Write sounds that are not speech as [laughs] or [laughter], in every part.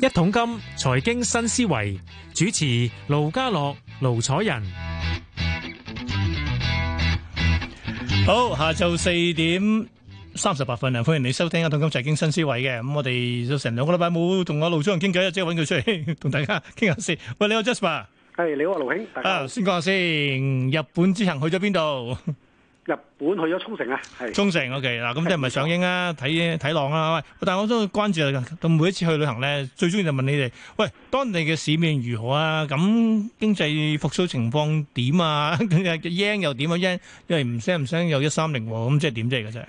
一桶金財經新思維主持盧家樂、盧楚仁，好，下晝四點三十八分啊！歡迎你收聽一桶金財經新思維嘅。咁，我哋都成兩個禮拜冇同阿盧楚仁傾偈啊，即係揾佢出嚟同大家傾下先。喂，你好，Jasper。係你好，盧兄。啊，先講下先，日本之行去咗邊度？日本去咗沖繩啊！沖繩 OK，嗱咁即係唔係上映啊？睇睇浪啊！喂，但係我都關注啊，到每一次去旅行咧，最中意就問你哋：喂，當地嘅市面如何啊？咁經濟復甦情況點啊？佢嘅 yen 又點啊？yen 因為唔聲唔聲又一三零喎，咁即係點即係嘅啫。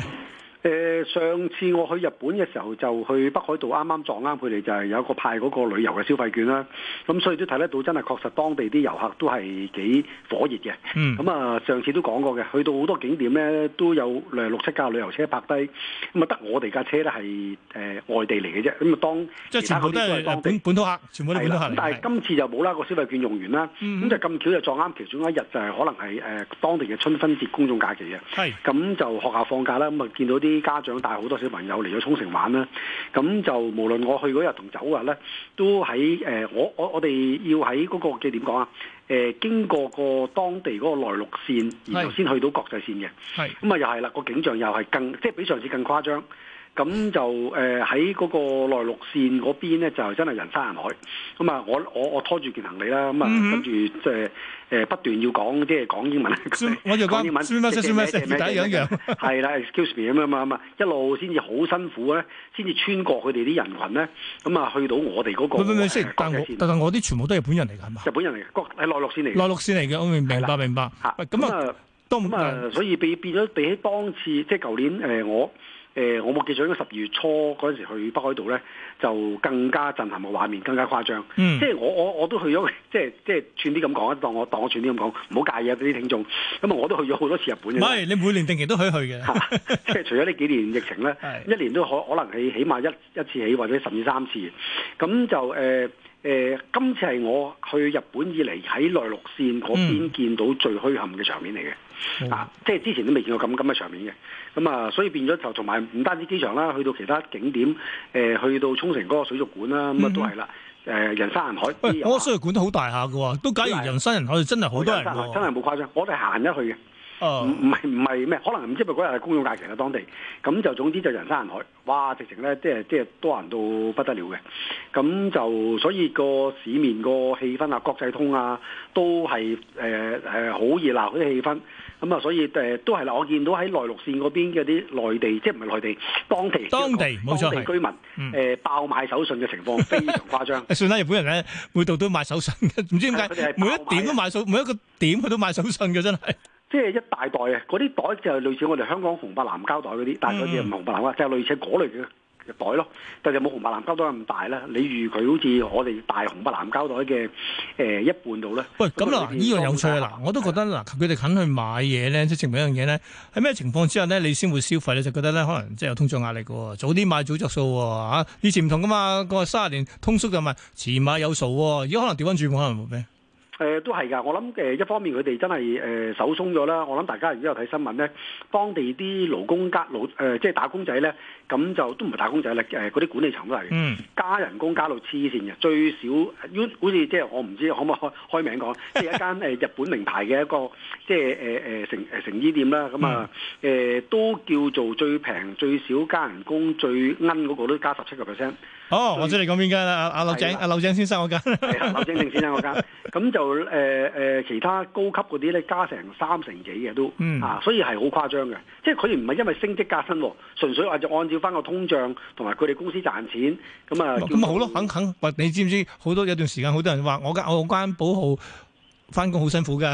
上次我去日本嘅時候，就去北海道啱啱撞啱佢哋，就係有個派嗰個旅遊嘅消費券啦。咁所以都睇得到，真係確實當地啲遊客都係幾火熱嘅。咁啊，上次都講過嘅，去到好多景點咧，都有六七架旅遊車泊低。咁啊，得我哋架車咧係誒外地嚟嘅啫。咁啊，當即係全部都係當地本土客，全部都係。咁但係今次就冇啦，個消費券用完啦。咁就咁巧就撞啱其中一日，就係可能係誒當地嘅春分節公眾假期嘅。咁就學校放假啦。咁啊，見到啲家長。帶好多小朋友嚟咗沖繩玩啦，咁就無論我去嗰日同走日咧，都喺誒、呃、我我我哋要喺嗰、嗰個嘅點講啊，誒、呃、經過個當地嗰個內陸線，然後先去到國際線嘅，咁啊是又係啦，個景象又係更即係比上次更誇張。咁就誒喺嗰個內陸線嗰邊咧，就真係人山人海。咁 [noise] 啊，我我我拖住件行李啦，咁啊，跟住即係誒不斷要講，即係講英文。我又講英文，先咩先咩？第一一樣，係啦，excuse me 咁啊嘛，咁啊，一路先至好辛苦咧，先至穿過佢哋啲人群咧，咁啊去到我哋嗰個 [laughs] 但。但但我啲全部都係日本人嚟㗎，嘛、啊？ 日本人嚟，國喺內陸線嚟。內陸線嚟嘅，我明白明白明白。咁啊，咁那我、嗯、啊，啊所以被變咗比起當次即係舊年誒、呃、我。誒、呃，我冇記錯，應該十二月初嗰陣時去北海道咧，就更加震撼嘅畫面，更加誇張。嗯、即係我我我都去咗，即係即係串啲咁講啊，當我當我串啲咁講，唔好介意啊啲聽眾。咁啊，我都去咗好多次日本嘅。唔係，你每年定期都可以去嘅 [laughs] 啊，即係除咗呢幾年疫情咧， [laughs] 一年都可可能係起，起碼一一次起，或者甚至三次。咁就誒誒、呃呃，今次係我去日本以嚟喺內陸線嗰邊見到最墟冚嘅場面嚟嘅。嗯嗯嗱，即係之前都未見過咁咁嘅場面嘅，咁啊，所以變咗就同埋唔單止機場啦，去到其他景點，誒，去到沖繩嗰個水族館啦，咁啊都係啦，誒，人山人海。喂，嗰個水族館好大下㗎喎，都假如人山人海，真係好多人，真係冇誇張，我哋行一去嘅，唔唔係唔係咩？可能唔知咪嗰日係公眾假期嘅當地，咁就總之就人山人海，哇！直情咧，即係即係多人到不得了嘅，咁就所以個市面個氣氛啊，國際通啊，都係誒誒好熱鬧嗰啲氣氛。咁啊、嗯，所以誒、呃、都係啦，我見到喺內陸線嗰邊嘅啲內地，即係唔係內地當地當地冇錯，當地居民誒、嗯呃、爆買手信嘅情況非常誇張。 [laughs] 算啦，日本人咧每度都買手信嘅，唔知點解每一點都買手信，每一個點佢都買手信嘅真係。即係一大袋嘅，嗰啲袋就係類似我哋香港紅白藍膠袋嗰啲，嗯、但係嗰啲唔紅白藍啦，就係、是、類似嗰類嘅。袋咯，但係冇紅白藍膠袋咁大啦。你預佢好似我哋大紅白藍膠袋嘅誒、呃、一半度咧。喂，咁啦，呢樣有趣啦。我都覺得嗱，佢哋肯去買嘢咧，即係證明一樣嘢咧。喺咩情況之下咧，你先會消費咧？你就覺得咧，可能即係有通脹壓力嘅。早啲買早着數喎。以前唔同噶嘛，個卅年通縮就咪，遲買有數。如果可能調翻轉，可能咩？誒都係㗎，我諗誒一方面佢哋真係誒手鬆咗啦，我諗大家如果睇新聞咧，當地啲勞工加勞誒、呃、即係打工仔咧，咁就都唔係打工仔啦，誒嗰啲管理層都係，加人工加到黐線嘅，最少好似即係我唔知可唔可以開開名講，即係一間誒日本名牌嘅一個即係誒誒成誒成衣店啦，咁啊誒都叫做最平最少加人工最奀嗰個都加十七個 percent。好、哦，以我知你講邊間啊？阿、啊啊、柳井阿、 [laughs] 啊、柳井先生嗰間，係柳井正先生嗰間，咁就。佢誒其他高級嗰啲咧加成三成幾嘅都、嗯、啊，所以係好誇張嘅，即係佢唔係因為升職加薪，純粹話就按照翻個通脹同埋佢哋公司賺錢咁啊。咁咪好咯，嗯嗯、肯肯，你知唔知好多有段時間好多人話我間我間保號翻工好辛苦㗎，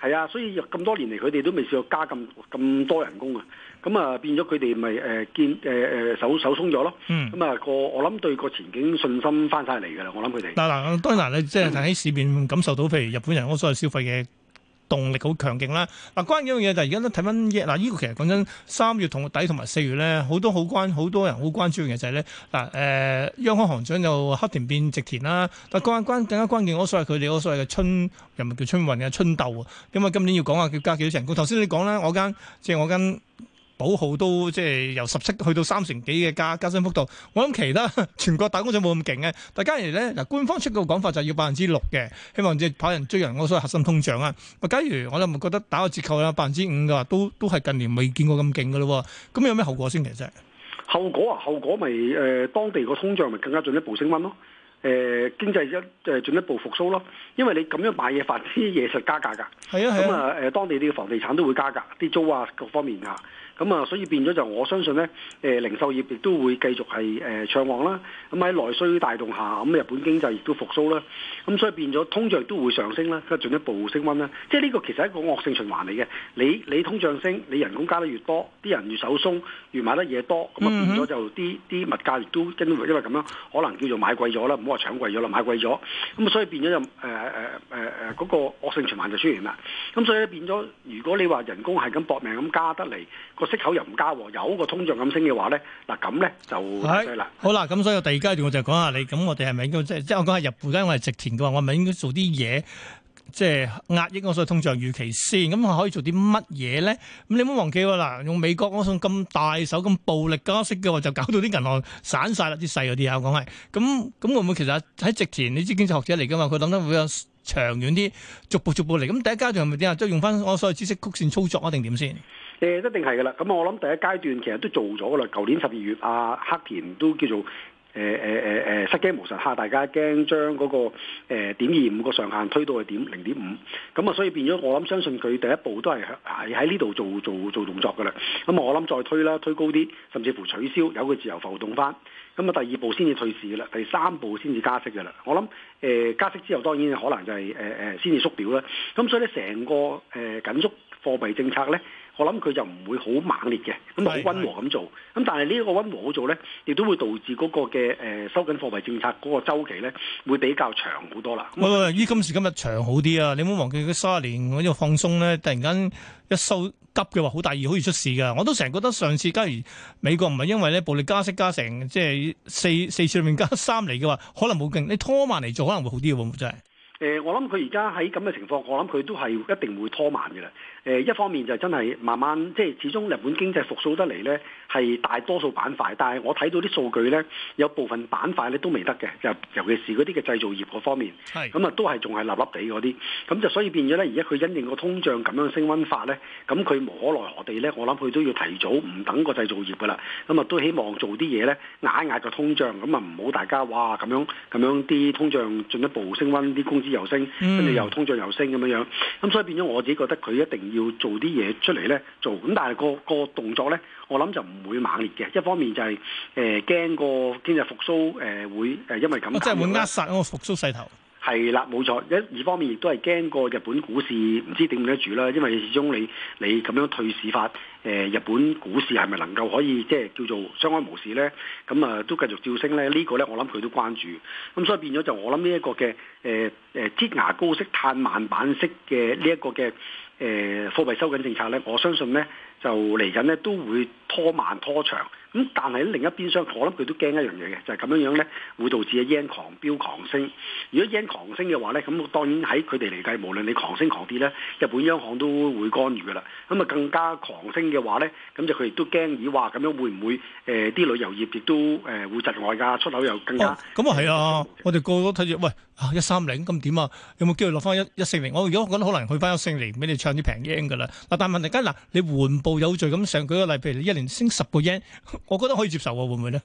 係 [laughs] 啊，所以咁多年嚟佢哋都未試過加咁咁多人工啊。咁啊，變咗佢哋咪誒見誒誒手手鬆咗咯。咁、嗯、啊，個、嗯、我諗對個前景信心翻晒嚟嘅啦，我諗佢哋。嗱嗱，當然嗱，你即係喺市面感受到，譬如日本人我所謂消費嘅動力好強勁啦。嗱、啊，關鍵一樣嘢就係而家都睇翻，嗱依個其實講真，三月同底同埋四月咧，好多好關好多人好關注嘅就係、是、咧，嗱、啊、誒，央行行長又黑田變植田啦。但、啊、關關更加關鍵，我所謂佢哋我所謂嘅春，人民叫春運嘅春鬥啊。因今年要講下叫加幾多成。頭先你講啦，我間即係我間。保好都即係由十七去到三成幾嘅加加薪幅度，我諗其他全國打工仔冇咁勁嘅。但係假如咧嗱，官方出個講法就係要百分之六嘅，希望即係跑人追人，我所謂核心通脹啊。咪假如我哋唔覺得打個折扣啦，百分之五噶都都係近年未見過咁勁噶咯。咁有咩後果先？其實，後果啊，後果咪誒當地個通脹咪更加進一步升溫咯。誒經濟一誒進一步復甦咯，因為你咁樣買嘢發，啲嘢實加價㗎。係啊咁啊誒，當地啲房地產都會加價，啲租啊各方面啊。咁啊，所以變咗就我相信咧，誒零售業亦都會繼續係誒暢旺啦。咁喺內需帶動下，咁日本經濟亦都復甦啦。咁所以變咗通脹亦都會上升啦，跟住進一步升温啦。即係呢個其實係一個惡性循環嚟嘅。你你通脹升，你人工加得越多，啲人越手鬆，越買得嘢多，咁啊變咗就啲啲物價亦都因為因為咁樣，可能叫做買貴咗啦。我搶貴咗啦，買貴咗，咁、嗯、啊所以變咗就誒誒誒誒嗰個惡性循環就出現啦。咁、嗯、所以變咗，如果你話人工係咁搏命咁加得嚟，個息口又唔加，有個通脹咁升嘅話咧，嗱咁咧就係啦。好啦，咁所以我第二階段我就講下你，咁我哋係咪應該即係即係我講下日本，因為我係植田嘅話，我係咪應該做啲嘢。即係壓抑我所通脹預期先，咁可以做啲乜嘢咧？咁你唔好忘記喎嗱，用美國嗰種咁大手、咁暴力加息嘅話，就搞到啲銀行散曬啦，啲細嗰啲啊，講係咁，咁會唔會其實喺植田？你知經濟學者嚟㗎嘛？佢諗得會有長遠啲，逐步逐步嚟。咁第一階段係咪點啊？即係用翻我所謂知識曲線操作啊？定點先？誒，一定係㗎啦。咁我諗第一階段其實都做咗㗎啦。舊年十二月，阿黑田都叫做。誒誒誒誒失驚無神嚇大家驚將嗰、那個誒點二五個上限推到去點零點五，咁啊所以變咗我諗相信佢第一步都係係喺呢度做做做動作噶啦，咁啊我諗再推啦，推高啲，甚至乎取消由佢自由浮動返，咁啊第二步先至退市噶啦，第三步先至加息噶啦，我諗誒、呃、加息之後當然可能就係誒誒先至縮表啦，咁所以咧成個誒、呃、緊縮貨幣政策咧。我諗佢就唔會好猛烈嘅，咁好溫和咁做。咁但係呢個溫和好做咧，亦都會導致嗰個嘅誒收緊貨幣政策嗰個週期咧，會比較長好多啦。喂喂，依今時今日長好啲啊！你唔好忘記嗰卅年嗰啲放鬆咧，突然間一收急嘅話，大意好大意好易出事噶。我都成日覺得上次假如美國唔係因為咧暴力加息加成，即係四四次裏面加三嚟嘅話，可能冇勁。你拖慢嚟做可能會好啲，啊，真係誒、呃，我諗佢而家喺咁嘅情況，我諗佢都係一定會拖慢嘅啦。誒、呃，一方面就真係慢慢，即係始終日本經濟復甦得嚟呢，係大多數板塊。但係我睇到啲數據呢，有部分板塊呢都未得嘅，就尤其是嗰啲嘅製造業嗰方面，係咁啊，都係仲係立立地嗰啲。咁就所以變咗呢，而家佢因應個通脹咁樣升温法呢，咁佢無可奈何地呢。我諗佢都要提早唔等個製造業㗎啦。咁啊，都希望做啲嘢呢，壓一壓個通脹，咁啊唔好大家哇咁樣咁樣啲通脹進一步升温，啲工資，又升，跟住又通脹又升咁樣樣，咁、嗯、所以變咗我自己覺得佢一定要做啲嘢出嚟咧做，咁但係、那個、那個動作咧，我諗就唔會猛烈嘅。一方面就係誒驚個經濟復甦誒、呃、會誒因為咁，即係會扼殺嗰個復甦勢係啦，冇錯。一二方面亦都係驚過日本股市唔知頂唔得住啦，因為始終你你咁樣退市法，誒、呃、日本股市係咪能夠可以即係叫做相安無事咧？咁、嗯、啊都繼續照升咧，這個、呢個咧我諗佢都關注。咁、嗯、所以變咗就我諗呢一個嘅誒誒擠牙膏式嘆慢板式嘅呢一個嘅誒貨幣收緊政策咧，我相信咧。就嚟緊咧，都會拖慢拖長。咁但係喺另一邊廂，我諗佢都驚一樣嘢嘅，就係、是、咁樣樣咧，會導致嘅 yen 狂飆狂升。如果 yen 狂升嘅話咧，咁當然喺佢哋嚟計，無論你狂升狂跌咧，日本央行都會干預噶啦。咁啊，更加狂升嘅話咧，咁就佢亦都驚而話，咁樣會唔會誒啲、呃、旅遊業亦都誒會窒礙㗎，出口又更加。咁啊係啊，嗯、我哋個個都睇住喂。啊一三零咁點啊有冇機會落翻一一四零？我如果覺得可能去翻一四零，俾你唱啲平 yen 嘅啦。嗱，但問題緊嗱，你緩步有序咁上，舉個例，譬如你一年升十個 yen 我覺得可以接受喎，啊，會唔會咧？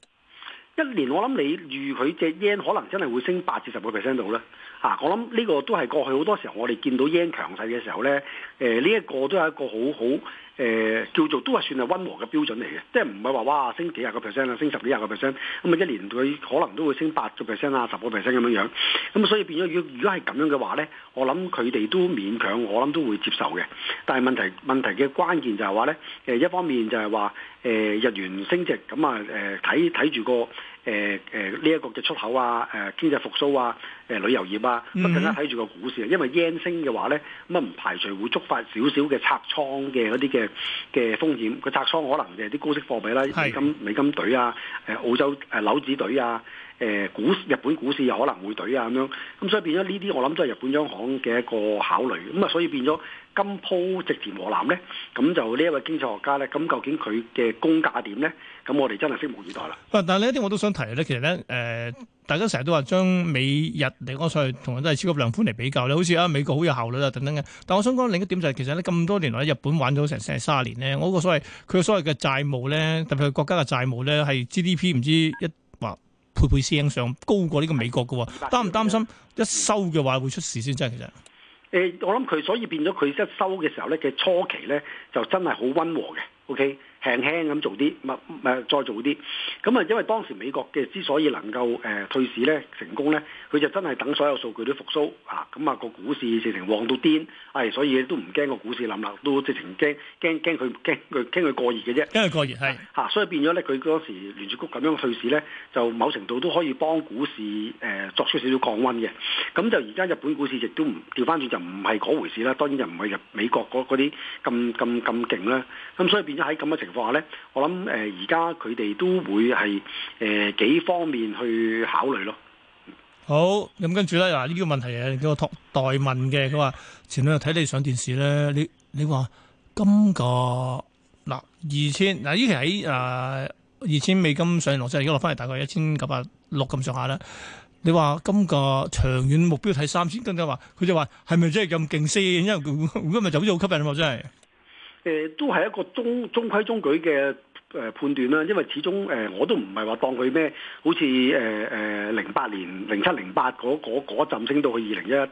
一年我諗你預佢隻 yen 可能真係會升八至十個 percent 度咧。啊，我諗呢個都係過去好多時候我哋見到 yen 強勢嘅時候咧，誒呢一個都係一個好好。誒、呃、叫做都係算係溫和嘅標準嚟嘅，即係唔係話哇升幾廿個 percent 啊，升十幾廿個 percent，咁啊一年佢可能都會升八個 percent 啊，十個 percent 咁樣樣，咁、啊嗯、所以變咗，如果如果係咁樣嘅話咧，我諗佢哋都勉強，我諗都會接受嘅。但係問題問題嘅關鍵就係話咧，誒一方面就係話。誒、呃、日元升值咁啊！誒睇睇住個誒誒呢一個嘅出口啊、誒、呃、經濟復甦啊、誒、呃、旅遊業啊，不陣間睇住個股市啊。因為日元升嘅話咧，咁啊唔排除會觸發少少嘅拆倉嘅一啲嘅嘅風險。個拆倉可能就係啲高息貨幣啦，是美金、美金隊啊、誒、呃、澳洲誒紐紙隊啊。誒，股日本股市有可能會懟啊，咁樣咁所以變咗呢啲，我諗都係日本央行嘅一個考慮。咁啊，所以變咗今鋪植田和男咧，咁就呢一位經濟學家咧，咁究竟佢嘅工價點咧？咁我哋真係拭目以待啦。但係呢一啲我都想提咧，其實咧誒、呃，大家成日都話將美日嚟講，上去同樣都係超級量寬嚟比較咧。好似啊，美國好有效率啊，等等嘅。但我想講另一點就係、是，其實咧咁多年來喺日本玩咗成成三十年咧，我個所謂佢嘅所謂嘅債務咧，特別係國家嘅債務咧，係 G D P 唔知一或。配配聲上高過呢個美國嘅，擔唔擔心一收嘅話會出事先？真係其實，誒、欸，我諗佢所以變咗佢一收嘅時候咧，嘅初期咧就真係好温和嘅，OK。輕輕咁做啲，咪咪再做啲，咁啊，因為當時美國嘅之所以能夠誒退市咧成功咧，佢就真係等所有數據都復甦，啊，咁啊個股市直情旺到癲，係、哎、所以都唔驚個股市冧啦，都直情驚驚驚佢驚佢驚佢過熱嘅啫，驚佢過熱係嚇、啊，所以變咗咧佢嗰時聯儲局咁樣退市咧，就某程度都可以幫股市誒、呃、作出少少降溫嘅，咁就而家日本股市亦都唔調翻轉就唔係嗰回事啦，當然就唔係入美國嗰啲咁咁咁勁啦，咁所以變咗喺咁嘅情況話咧，我諗誒，而家佢哋都會係誒幾方面去考慮咯。好，咁、嗯、跟住咧嗱，呢個問題啊，叫我託代問嘅。佢話前兩日睇你上電視咧，你你話今個嗱二千，嗱呢期喺誒二千美金上落即係，而家落翻嚟大概一千九百六咁上下啦。你話今個長遠目標睇三千，跟住話佢就話係咪真係咁勁先？因為今日就好似好吸引啊，真係。誒都係一個中中規中矩嘅誒、呃、判斷啦，因為始終誒、呃、我都唔係話當佢咩，好似誒誒零八年、零七、那個、零八嗰陣升到去二零一一嗰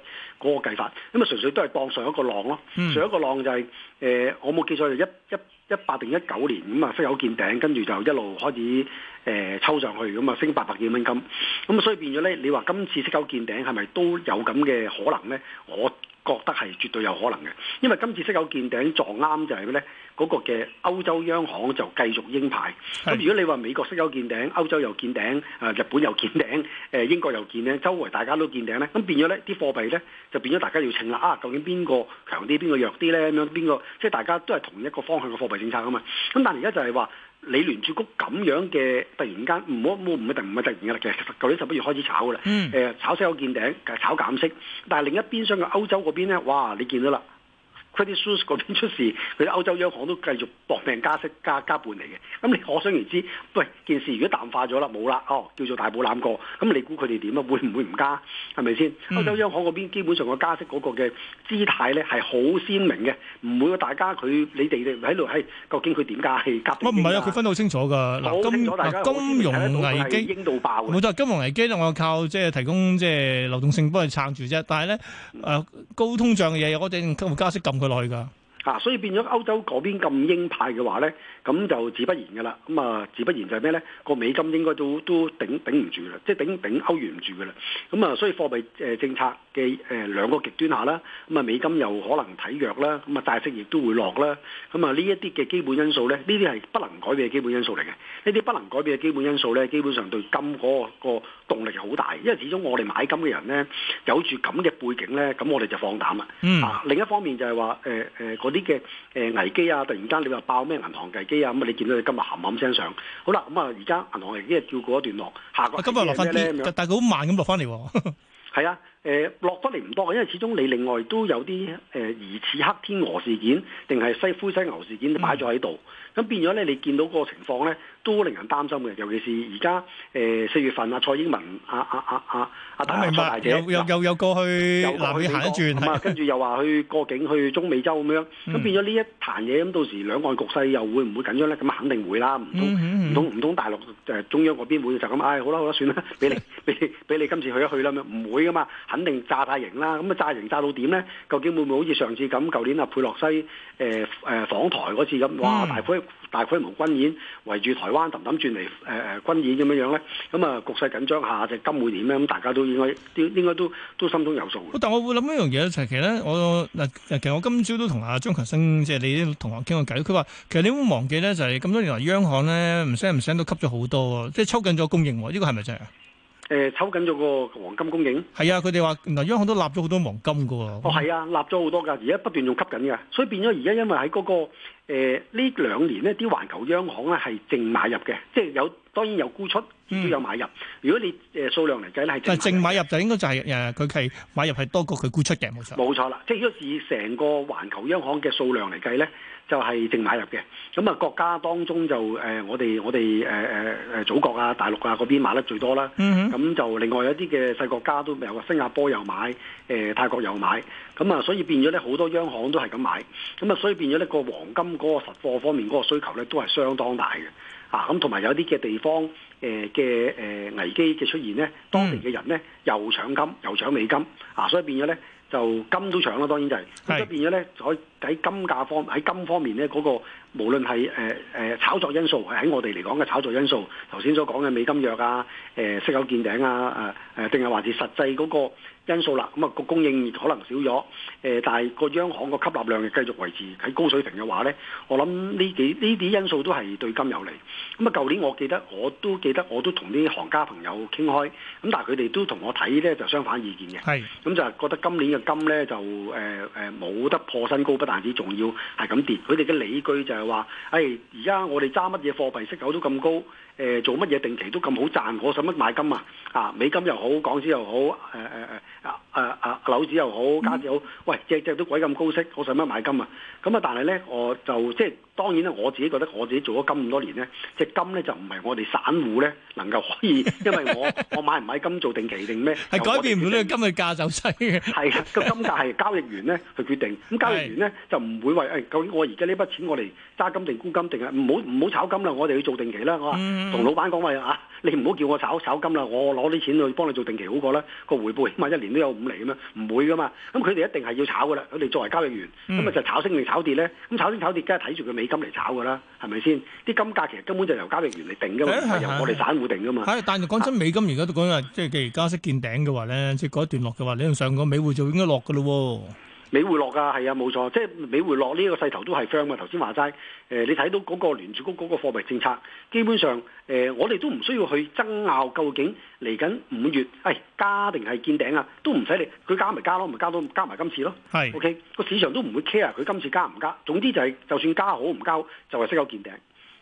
個計法，咁啊純粹都係當上一個浪咯。上一個浪就係、是、誒、呃、我冇記錯就是、一一一八定一九年咁啊，息、嗯、口見頂，跟住就一路開始誒抽上去，咁、嗯、啊升八百幾蚊金，咁、嗯、啊所以變咗咧，你話今次息口見頂係咪都有咁嘅可能咧？我覺得係絕對有可能嘅，因為今次息友見頂撞啱就係咧嗰個嘅歐洲央行就繼續鷹派。咁如果你話美國息友見頂，歐洲又見頂，誒、呃、日本又見頂，誒、呃、英國又見頂，周圍大家都見頂呢，咁變咗呢啲貨幣呢，就變咗大家要稱啦。啊，究竟邊個強啲，邊個弱啲呢？咁樣邊個即係大家都係同一個方向嘅貨幣政策啊嘛。咁但係而家就係話。你聯儲局咁樣嘅突然間唔好冇，唔係突唔係突然嘅啦，其實舊年十一月開始炒噶啦，誒、呃、炒息口見頂，炒減息。但係另一邊廂嘅歐洲嗰邊咧，哇！你見到啦。Credit Suisse 嗰邊出事，佢啲歐洲央行都繼續搏命加息加加半嚟嘅。咁、嗯、你可想而知，喂，件事如果淡化咗啦，冇啦，哦叫做大步攬過。咁、嗯、你估佢哋點啊？會唔會唔加？係咪先？歐、嗯、洲央行嗰邊基本上個加息嗰個嘅姿態咧係好鮮明嘅，唔會話大家佢你哋喺度係究竟佢點加係夾。唔係啊，佢、嗯呃、分好清楚㗎。金融危機應到爆。冇錯，金融危機咧，我靠，即係提供即係流動性幫佢撐住啫。但係咧，誒、啊、高通脹嘅嘢，我哋用加息咁。佢來噶，吓所以變咗歐洲嗰邊咁鷹派嘅話咧。咁就自不然嘅啦，咁啊自不然就係咩咧？個美金應該都都頂頂唔住啦，即係頂頂歐元唔住嘅啦。咁啊，所以貨幣誒政策嘅誒兩個極端下啦，咁啊美金又可能睇弱啦，咁啊大息亦都會落啦。咁啊呢一啲嘅基本因素咧，呢啲係不能改變嘅基本因素嚟嘅。呢啲不能改變嘅基本因素咧，基本上對金嗰個個動力好大，因為始終我哋買金嘅人咧有住咁嘅背景咧，咁我哋就放膽啊。嗯、另一方面就係話誒誒嗰啲嘅誒危機啊，突然間你話爆咩銀行危咁啊、嗯！你見到你今日冚冚聲上，好啦咁啊！而家銀行已經係跳過一段落，下個今日落翻，但係佢好慢咁落翻嚟喎，係 [laughs] 啊。誒、呃、落得嚟唔多，因為始終你另外都有啲誒疑似黑天鵝事件，定係西灰犀牛事件擺咗喺度，咁、嗯、變咗咧，你見到個情況咧都令人擔心嘅。尤其是而家誒四月份啊，蔡英文啊啊啊啊啊大伯大姐又又又又過去，行一下轉，係、嗯、跟住又話去過境去中美洲咁樣，咁、嗯、變咗呢一壇嘢，咁到時兩岸局勢又會唔會緊張咧？咁肯定會啦，唔通唔通唔通大陸誒中央嗰邊會就咁唉好啦好啦算啦，俾你俾你俾你今次去一去啦，唔會㗎嘛。肯定炸大型啦！咁啊炸型炸到點咧？究竟會唔會好似上次咁？舊年啊佩洛西誒誒訪台嗰次咁，哇大規大規模軍演圍住台灣氹氹轉嚟誒誒軍演咁樣樣咧？咁啊局勢緊張下，隻金會點咧？咁大家都應該都應該都都心中有數。但我會諗一樣嘢咧，就係其實咧，我嗱其實我今朝都同阿張強生即係你啲同學傾過偈，佢話其實你會忘記咧，就係咁多年來央行咧唔聲唔聲都吸咗好多，即係抽緊咗供應，呢個係咪真啊？誒、呃、抽緊咗個黃金供應，係啊！佢哋話嗱，央行都立咗好多黃金噶喎。嗯、哦，係啊，立咗好多噶，而家不斷仲吸緊嘅，所以變咗而家因為喺嗰、那個呢兩、呃、年呢啲環球央行咧係淨買入嘅，即係有。當然有沽出，都有買入。如果你誒、呃、數量嚟計咧，係淨買入就應該就係誒佢係買入係多過佢沽出嘅，冇錯。冇錯啦，即係如果以成個環球央行嘅數量嚟計咧，就係淨買入嘅。咁啊，國家當中就誒、呃、我哋我哋誒誒誒祖國啊大陸啊嗰邊買得最多啦。咁、嗯、哼就另外一啲嘅細國家都有，新加坡有買，誒、呃、泰國有買。咁啊，所以變咗咧好多央行都係咁買。咁啊，所以變咗咧個黃金嗰個實貨方面嗰個需求咧，都係相當大嘅。啊，咁同埋有啲嘅地方，誒嘅誒危機嘅出現咧，當地嘅人咧又搶金又搶美金，啊，所以變咗咧就金都搶啦，當然就係、是、咁，是就變咗咧在喺金價方喺金方面咧、那、嗰個無論係誒、呃、炒作因素，喺我哋嚟講嘅炒作因素，頭先所講嘅美金弱啊，誒息口見頂啊，啊誒定係還是實際嗰、那個。因素啦，咁啊個供應可能少咗，誒、呃，但係個央行個吸納量繼續維持喺高水平嘅話呢。我諗呢幾呢啲因素都係對金有利。咁、嗯、啊，舊年我記得我都記得我都同啲行家朋友傾開，咁、嗯、但係佢哋都同我睇呢就相反意見嘅，係是，咁、嗯、就覺得今年嘅金呢就誒誒冇得破新高，不但止，仲要係咁跌。佢哋嘅理據就係話，誒而家我哋揸乜嘢貨幣息口都咁高。誒，做乜嘢定期都咁好賺。我使乜買金啊？啊，美金又好，港紙又好，誒、呃，誒、呃，誒、呃，啊啊啊，樓紙又好，加紙又好，喂，只只都鬼咁高息，我使乜買金啊？咁啊，但係咧，我就即係。就是當然咧，我自己覺得我自己做咗金咁多年呢，隻金呢就唔係我哋散戶呢能夠可以，因為我我買唔買金做定期定咩？係 [laughs] 改變唔到呢個金嘅價走勢嘅。係 [laughs] 啊，個金價係交、嗯、交易員呢去決定。咁交易員呢就唔會話、哎、究竟我而家呢筆錢我嚟揸金定沽金定係？唔好唔好炒金啦，我哋去做定期啦，我話同老闆講話啊，你唔好叫我炒炒金啦，我攞啲錢去幫你做定期好過啦。個回報起碼一年都有五厘咁樣，唔會噶嘛。咁佢哋一定係要炒噶啦。佢哋作為交易員，咁啊就炒升定炒跌呢？咁炒升炒跌，梗係睇住佢未。美金嚟炒噶啦，係咪先？啲金價，其實根本就由交易員嚟定噶嘛，係由我哋散戶定噶嘛。係，但係講真，美金而家都講緊話，即係既然加息見頂嘅話咧，即係嗰一段落嘅話，你用上個美匯就應該落嘅咯。美匯落㗎，係啊，冇、啊、錯，即係美匯落呢一個勢頭都係 firm 啊，頭先話齋，誒、呃，你睇到嗰個聯儲局嗰個貨幣政策，基本上，誒、呃，我哋都唔需要去爭拗究竟嚟緊五月係、哎、加定係見頂啊，都唔使你，佢加咪加咯，咪加多加埋今次咯，係是，OK，個市場都唔會 care 佢今次加唔加，總之就係、是、就算加好唔加好就係、是、息有見頂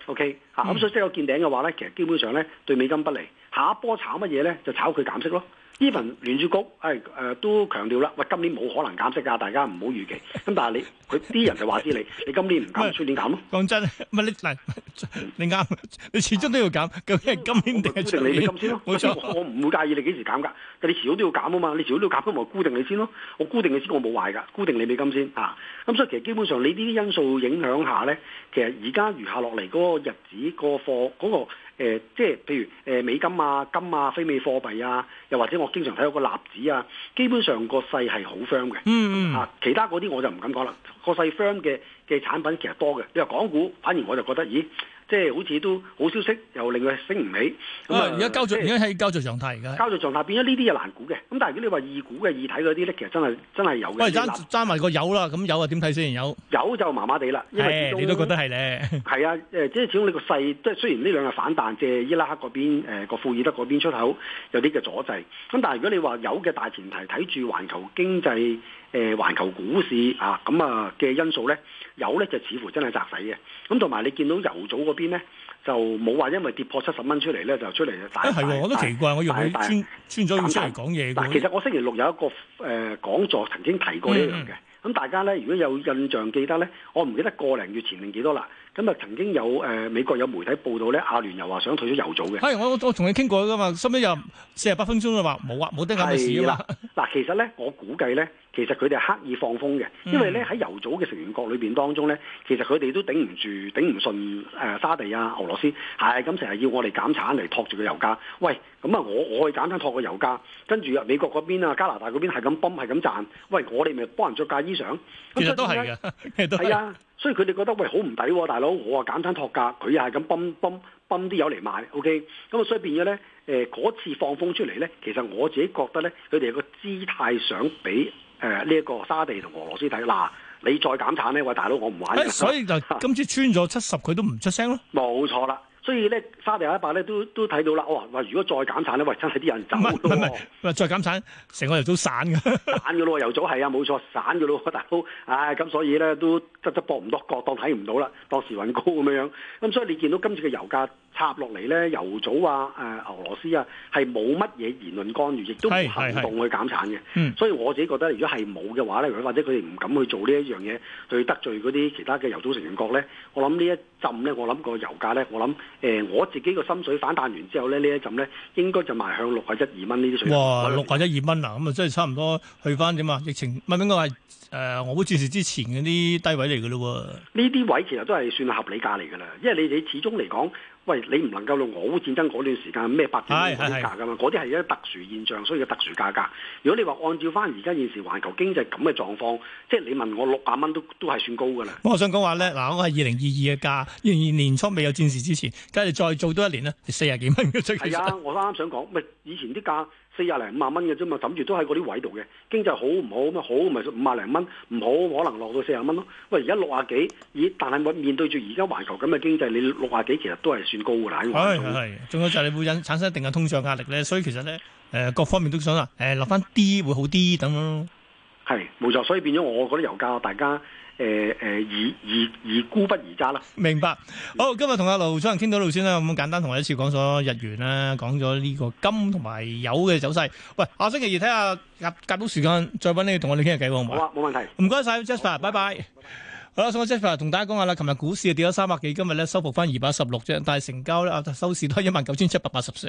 ，OK，嚇、嗯，咁、啊、所以息有見頂嘅話咧，其實基本上咧對美金不利，下一波炒乜嘢咧就炒佢減息咯。呢份聯儲局係誒、呃、都強調啦，喂，今年冇可能減息㗎，大家唔好預期。咁但係 [laughs] 你佢啲人就話知你，你今年唔減，出年減咯。講真，唔看你啱，嗯、你始終都要減。究竟係今年定係固定你美金先咯錯、啊。我唔會介意你幾時減㗎，但你遲早都要減啊嘛。你遲早都要減，咁咪固定你先咯。我固定你先，我冇壞㗎。固定你美金先，先啊。咁、啊啊、所以其實基本上你呢啲因素影響下咧，其實而家餘下落嚟嗰個日子、嗰個貨、嗰個誒、呃，即係譬如誒、呃、美金啊、金啊、非美貨幣啊，又或者我經常睇到個納指啊，基本上個勢係好 firm 嘅。嗯嗯、mm，嚇、hmm。啊，其他嗰啲我就唔敢講啦。個勢 firm 嘅嘅產品其實多嘅。你話港股，反而我就覺得，咦？即係好似都好消息，又令佢升唔起。咁、嗯、啊，而家交作而家係交作狀態而家。交作狀態變咗呢啲又難估嘅。咁但係如果你話二股嘅二體嗰啲咧，其實真係真係有，有，有，有。喂，爭爭埋個有啦，咁有啊點睇先？有有就麻麻地啦。因為、哎，你都覺得係咧。係 [laughs] 啊，誒，即係始終你個勢，即係雖然呢兩日反彈，即係伊拉克嗰邊誒個、呃、庫爾德嗰邊出口有啲嘅阻滯。咁但係如果你話有嘅大前提，睇住環球經濟。誒，環球股市啊，咁啊嘅因素咧，有咧就似乎真係砸死嘅。咁同埋你見到油組嗰邊咧，就冇話因為跌破七十蚊出嚟咧，就出嚟大。啊，係，我都帶帶奇怪，我用啲穿穿咗要出嚟講嘢。嗱帶，但其實我星期六有一個誒、呃、講座曾經提過呢樣嘅。嗯嗯咁大家咧，如果有印象記得咧，我唔記得個零月前定幾多啦。咁啊曾經有誒、呃、美國有媒體報道咧，阿聯又話想退咗油組嘅。係、哎，我我同你傾過噶嘛，收尾又四十八分鐘就話冇啊，冇得咁嘅事啊嘛。嗱，其實咧，我估計咧，其實佢哋係刻意放風嘅，因為咧喺油組嘅成員國裏邊當中咧，其實佢哋都頂唔住、頂唔順誒沙地啊、俄羅斯係咁成日要我哋減產嚟托住個油價。喂，咁啊，我我可以簡單托個油價，跟住美國嗰邊啊、加拿大嗰邊係咁泵係咁賺。喂，我哋咪幫人著價。思想其實都係嘅，係 [laughs] 啊，所以佢哋覺得喂好唔抵喎，大佬我啊減產托價，佢又係咁泵泵泵啲油嚟賣，OK，咁啊所以變咗咧，誒、呃、嗰次放風出嚟咧，其實我自己覺得咧，佢哋有個姿態想俾誒呢一個沙地同俄羅斯睇，嗱、啊，你再減產咧，喂大佬我唔玩、欸。所以就今次穿咗七十佢都唔出聲咯，冇錯啦。所以咧，沙地阿拉伯咧都都睇到啦。哇！喂，如果再減產咧，喂，真係啲人 [laughs] 走。好再減產，成個油都散嘅，散嘅咯，油組係啊，冇錯，散嘅咯，大佬。唉、啊，咁、嗯、所以咧都得得搏唔多，各當睇唔到啦，當時運高咁樣。咁所以你見到今次嘅油價。插落嚟咧，油組啊，誒、呃，俄羅斯啊，係冇乜嘢言論干預，亦都唔行動去減產嘅。所以我自己覺得，如果係冇嘅話咧，或者佢哋唔敢去做呢一樣嘢，去得罪嗰啲其他嘅油組成員國咧，我諗呢一浸咧，我諗個油價咧，我諗誒、呃、我自己個心水反彈完之後咧，呢一浸咧應該就賣向六十一二蚊呢啲水平。哇嘩，六十一二蚊啊！咁啊，真係、嗯、差唔多去翻點啊？疫情唔應該係誒、呃，我會支持之前嗰啲低位嚟㗎咯喎。呢啲位其實都係算係合理價嚟㗎啦，因為你你始終嚟講。喂，你唔能夠用俄烏戰爭嗰段時間咩百幾蚊嘅價㗎嘛？嗰啲係一啲特殊現象，所以有特殊價格。如果你話按照翻而家現時環球經濟咁嘅狀況，即係你問我六百蚊都都係算高㗎啦。我想講話咧，嗱，我係二零二二嘅價，二零二年初未有戰事之前，梗係再做多一年咧，四廿幾蚊嘅係啊，我啱啱想講，咪以前啲價。四廿零五萬蚊嘅啫嘛，諗住都喺嗰啲位度嘅，經濟好唔好？咁好咪五萬零蚊，唔好可能落到四廿蚊咯。喂，而家六廿幾，咦，但係我面對住而家環球咁嘅經濟，你六廿幾其實都係算高㗎啦。係係，仲有就係你會引產生一定嘅通脹壓力咧。所以其實咧，誒各方面都想啊，誒落翻啲會好啲等咯。係冇錯，所以變咗我覺得油價大家。誒誒，而而而孤不宜揸啦，明白。好，今日同阿盧楚仁傾到呢度先啦。咁簡單同我一次講咗日元啦，講咗呢個金同埋油嘅走勢。喂，下星期二睇下夾夾到時間再揾你同我哋傾下計，好唔好好啊，冇問題。唔該晒，Jeff，拜拜。拜拜好啦，送個 Jeff 同大家講下啦。琴日股市跌咗三百幾，今日咧收復返二百一十六啫，但係成交咧收市都係一萬九千七百八十四。